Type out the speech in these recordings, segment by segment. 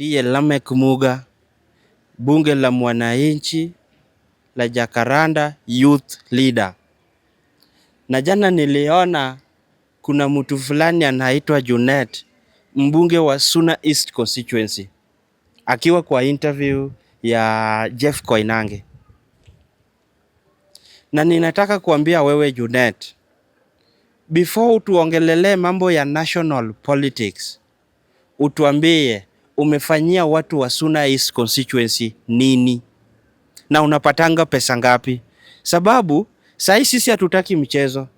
ndiye lamek Muga, bunge la mwananchi la jakaranda Youth Leader. Na jana niliona kuna mtu fulani anaitwa Junet, mbunge wa Suna East constituency, akiwa kwa interview ya Jeff Koinange, na ninataka kuambia wewe Junet, before utuongelele mambo ya national politics, utuambie umefanyia watu wa Suna East constituency nini na unapatanga pesa ngapi? Sababu sahi sisi hatutaki mchezo.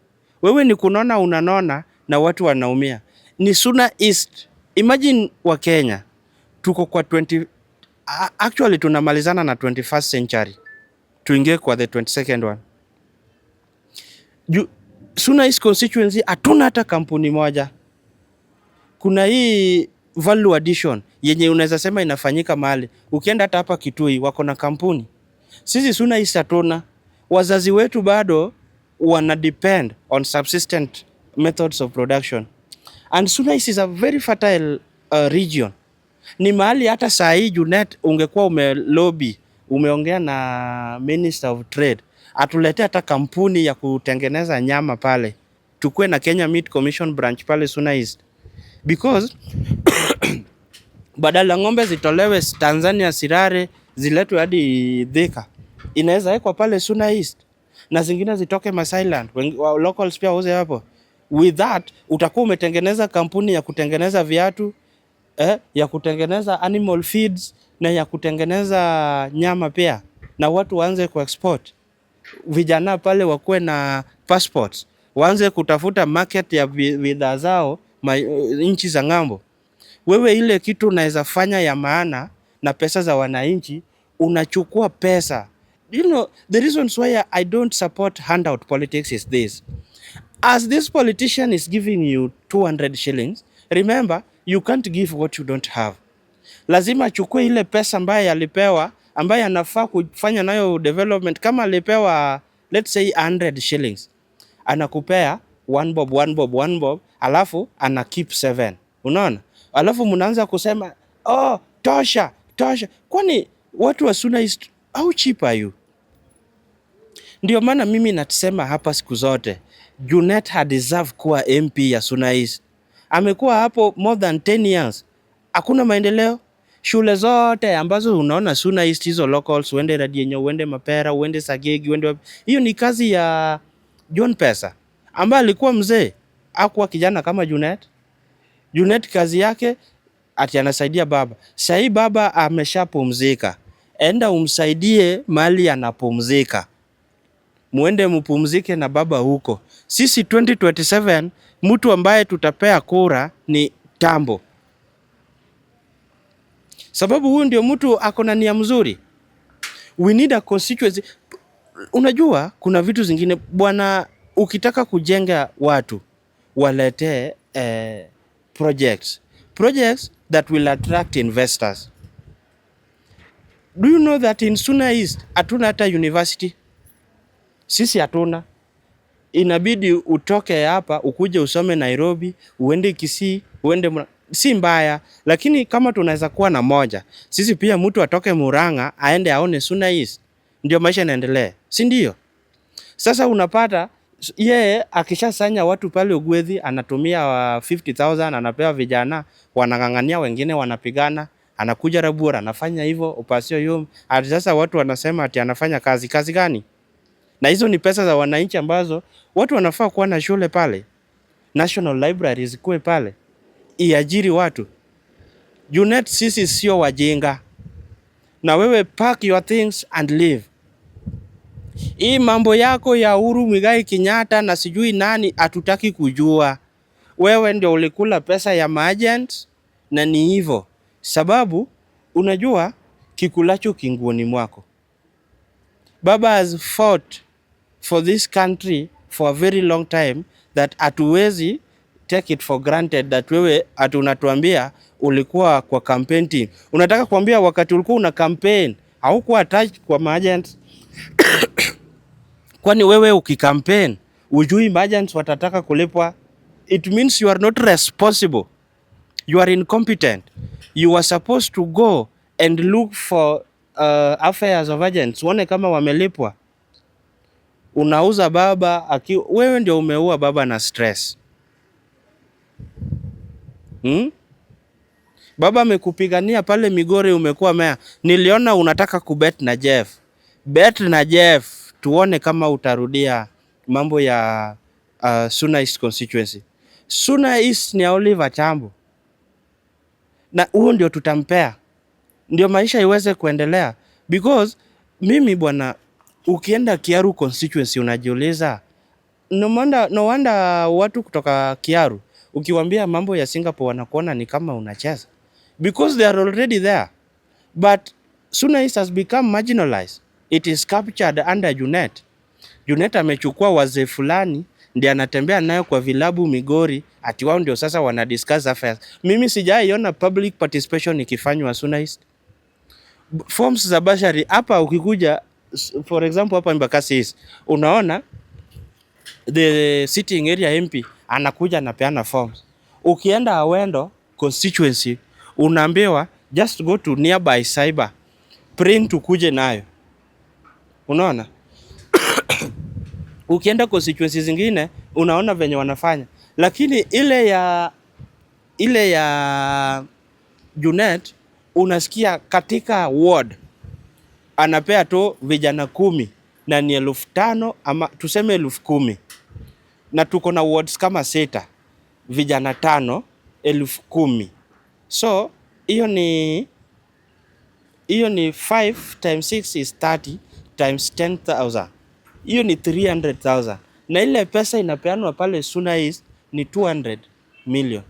Wewe ni kunona unanona na watu wanaumia. Ni Suna East, imagine wa Kenya tuko kwa 20, actually tunamalizana na 21st century tuingie kwa the 22nd one. Ju, Suna East constituency hatuna hata kampuni moja. Kuna hii value addition yenye unaweza sema inafanyika mahali. Ukienda hata hapa Kitui wako na kampuni. Sisi Suna East hatuna. Wazazi wetu bado wana depend on subsistent methods of production. And Suna East is a very fertile uh, region. Ni mahali hata saa hii Junet ungekuwa ume lobby, umeongea na Minister of Trade atuletee hata kampuni ya kutengeneza nyama pale, Tukue na Kenya Meat Commission branch pale Suna East because badala ng'ombe zitolewe Tanzania Sirare ziletwe hadi Thika, inaweza wekwa pale Suna East na zingine zitoke Masailand, locals pia wauze hapo. With that utakuwa umetengeneza kampuni ya kutengeneza viatu eh, ya kutengeneza animal feeds na ya kutengeneza nyama pia, na watu waanze ku export, Vijana pale wakuwe na passports, waanze kutafuta market ya bidhaa zao nchi za ng'ambo wewe ile kitu unaweza fanya ya maana na pesa za wananchi, unachukua pesa. You know, the reasons why I don't support handout politics is this. As this politician is giving you 200 shillings, remember you can't give what you don't have. Lazima achukue ile pesa ambayo alipewa ambayo anafaa kufanya nayo development. Kama alipewa let's say 100 shillings, anakupea one bob, one bob, one bob, alafu ana keep 7. Unaona? alafu mnaanza kusema oh, tosha tosha. Kwani watu wa Suna East au are you? Ndio maana mimi natusema hapa siku zote Junet had deserve kuwa MP ya Suna East. Amekuwa hapo more than 10 years, hakuna maendeleo. Shule zote ambazo unaona Suna East hizo locals, uende Radienyo, uende Mapera, uende Sagegi, uende hiyo ni kazi ya John Pesa ambaye alikuwa mzee, akuwa kijana kama Junet. Junet kazi yake ati anasaidia baba. Sasa hii baba ameshapumzika, enda umsaidie mali anapumzika, muende mpumzike na baba huko. Sisi 2027 mtu ambaye tutapea kura ni Tambo, sababu huyu ndio mtu ako na nia mzuri. We need a constituency. Unajua kuna vitu zingine bwana, ukitaka kujenga watu waletee eh, projects, projects that will attract investors. Do you know that in Suna East hatuna hata university? Sisi hatuna, inabidi utoke hapa ukuje usome Nairobi, uende Kisii, uende mura... si mbaya, lakini kama tunaweza kuwa na moja sisi pia, mtu atoke Murang'a aende aone Suna East, ndio maisha yanaendelea, si ndio? Sasa unapata yeye akishasanya watu pale Ugwethi, anatumia 50000 uh, anapewa vijana wanang'ang'ania, wengine wanapigana, anakuja Rabuor anafanya hivyo upasio hiyo. Sasa watu wanasema ati anafanya kazi kazi gani? Na hizo ni pesa za wananchi ambazo watu wanafaa kuwa na shule pale, national library zikuwe pale, iajiri watu. Junet, sisi sio wajinga, na wewe pack your things and leave. Hii mambo yako ya Uhuru Muigai Kenyatta na sijui nani hatutaki kujua. Wewe ndio ulikula pesa ya maagent na ni hivyo. Sababu unajua kikulacho kinguoni mwako. Baba has fought for this country for a very long time that hatuwezi take it for granted that wewe ati unatuambia ulikuwa kwa campaign team. Unataka kuambia wakati ulikuwa una campaign haukuwa attached kwa maagent Kwani wewe ukikampaign ujui merchants watataka kulipwa? It means you are not responsible, you are incompetent. You are supposed to go and look for uh, affairs of agents, uone kama wamelipwa. Unauza baba aki, wewe ndio umeua baba na stress hmm? Baba amekupigania pale Migori, umekuwa mea. Niliona unataka kubet na Jeff Bet na Jeff tuone kama utarudia mambo ya uh, Suna East constituency. Suna East ni ya Oliver Chambu, na huo ndio tutampea, ndio maisha iweze kuendelea because mimi bwana, ukienda Kiaru constituency unajiuliza no wonder, no wonder watu kutoka Kiaru ukiwambia mambo ya Singapore wanakuona ni kama unacheza because they are already there but Suna East has become marginalized it is captured under Junet. Junet amechukua wazee fulani ndiye anatembea nayo kwa vilabu Migori, ati wao ndio sasa wana discuss affairs. Mimi sijaiona public participation ikifanywa Sunnaist forms za bashari hapa. Ukikuja for example hapa Embakasi East, unaona the sitting area MP anakuja anapeana forms. Ukienda Awendo constituency unaambiwa just go to nearby cyber print ukuje nayo Unaona? Ukienda constituency zingine unaona venye wanafanya, lakini ile ya ile ya Junet unasikia katika ward anapea tu vijana kumi na ni elfu tano ama tuseme elfu kumi na tuko na wards kama sita, vijana tano elfu kumi so hiyo ni hiyo ni 5 times 6 is 30 times 10,000 hiyo ni 300,000 na ile pesa inapeanwa pale Suna East ni 200 million.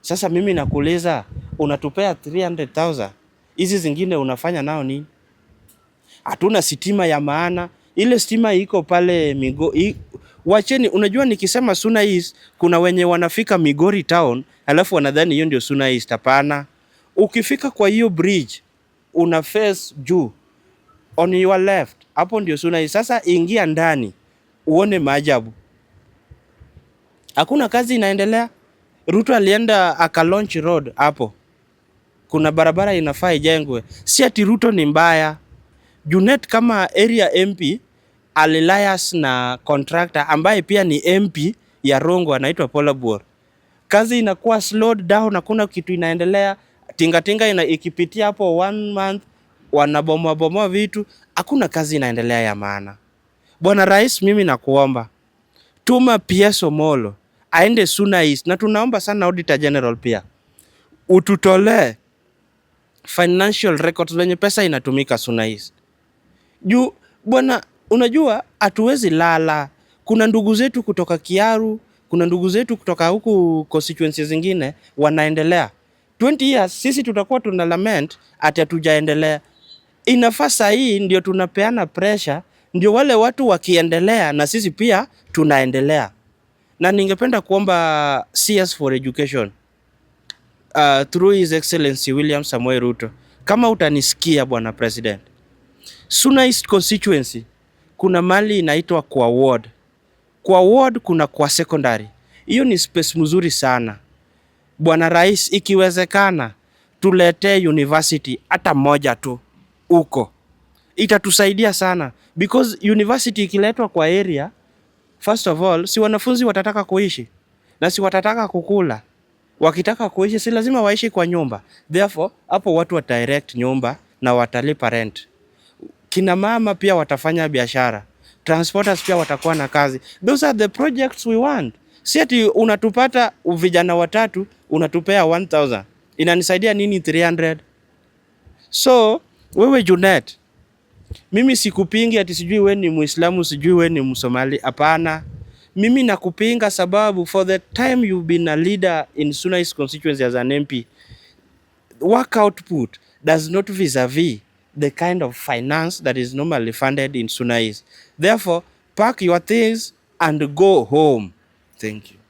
Sasa mimi nakuuliza, unatupea 300,000 hizi zingine unafanya nao nini? Hatuna sitima ya maana, ile stima iko pale Migo i, wacheni. Unajua, nikisema Suna East kuna wenye wanafika Migori town alafu wanadhani hiyo ndio Suna East. Hapana, ukifika kwa hiyo bridge una face juu on your left, hapo ndio suna. Sasa ingia ndani uone maajabu. Hakuna kazi inaendelea. Ruto alienda aka launch road hapo. Kuna barabara inafaa ijengwe, si ati Ruto ni mbaya. Junet kama area MP alilias na contractor ambaye pia ni MP ya Rongo anaitwa Paul Bor. Kazi inakuwa slowed down, hakuna kitu inaendelea. Tingatinga ina, ikipitia hapo one month wanabomoa bomoa vitu, hakuna kazi inaendelea ya maana. Bwana Rais, mimi nakuomba tuma PS Omolo aende Suna East, na tunaomba sana Auditor General pia ututolee financial records lenye pesa inatumika Suna East juu bwana, unajua hatuwezi lala. Kuna ndugu zetu kutoka Kiaru, kuna ndugu zetu kutoka huku constituencies zingine wanaendelea 20 years, sisi tutakuwa tuna lament ati hatujaendelea inafaa saa hii ndio tunapeana pressure, ndio wale watu wakiendelea na sisi pia tunaendelea. Na ningependa kuomba CS for Education uh, through His Excellency William Samoei Ruto, kama utanisikia bwana president, Suna East constituency kuna mali inaitwa kwa ward, kwa ward kuna kwa secondary. Hiyo ni space mzuri sana bwana rais, ikiwezekana tuletee university hata moja tu uko, itatusaidia sana because university ikiletwa kwa area, first of all, si wanafunzi watataka kuishi na si watataka kukula. Wakitaka kuishi si lazima waishi kwa nyumba, therefore hapo watu watarect nyumba na watalipa rent. Kina mama pia watafanya biashara, transporters pia watakuwa na kazi. Those are the projects we want. Si ati unatupata vijana watatu unatupea 1000 inanisaidia nini 300? So wewe Junet, mimi sikupingi ati sijui wewe ni Muislamu, sijui wewe ni Msomali. Hapana, mimi nakupinga sababu for the time you've been a leader in sunais constituency as an MP, work output does not vis-a-vis the kind of finance that is normally funded in sunais Therefore, pack your things and go home. Thank you.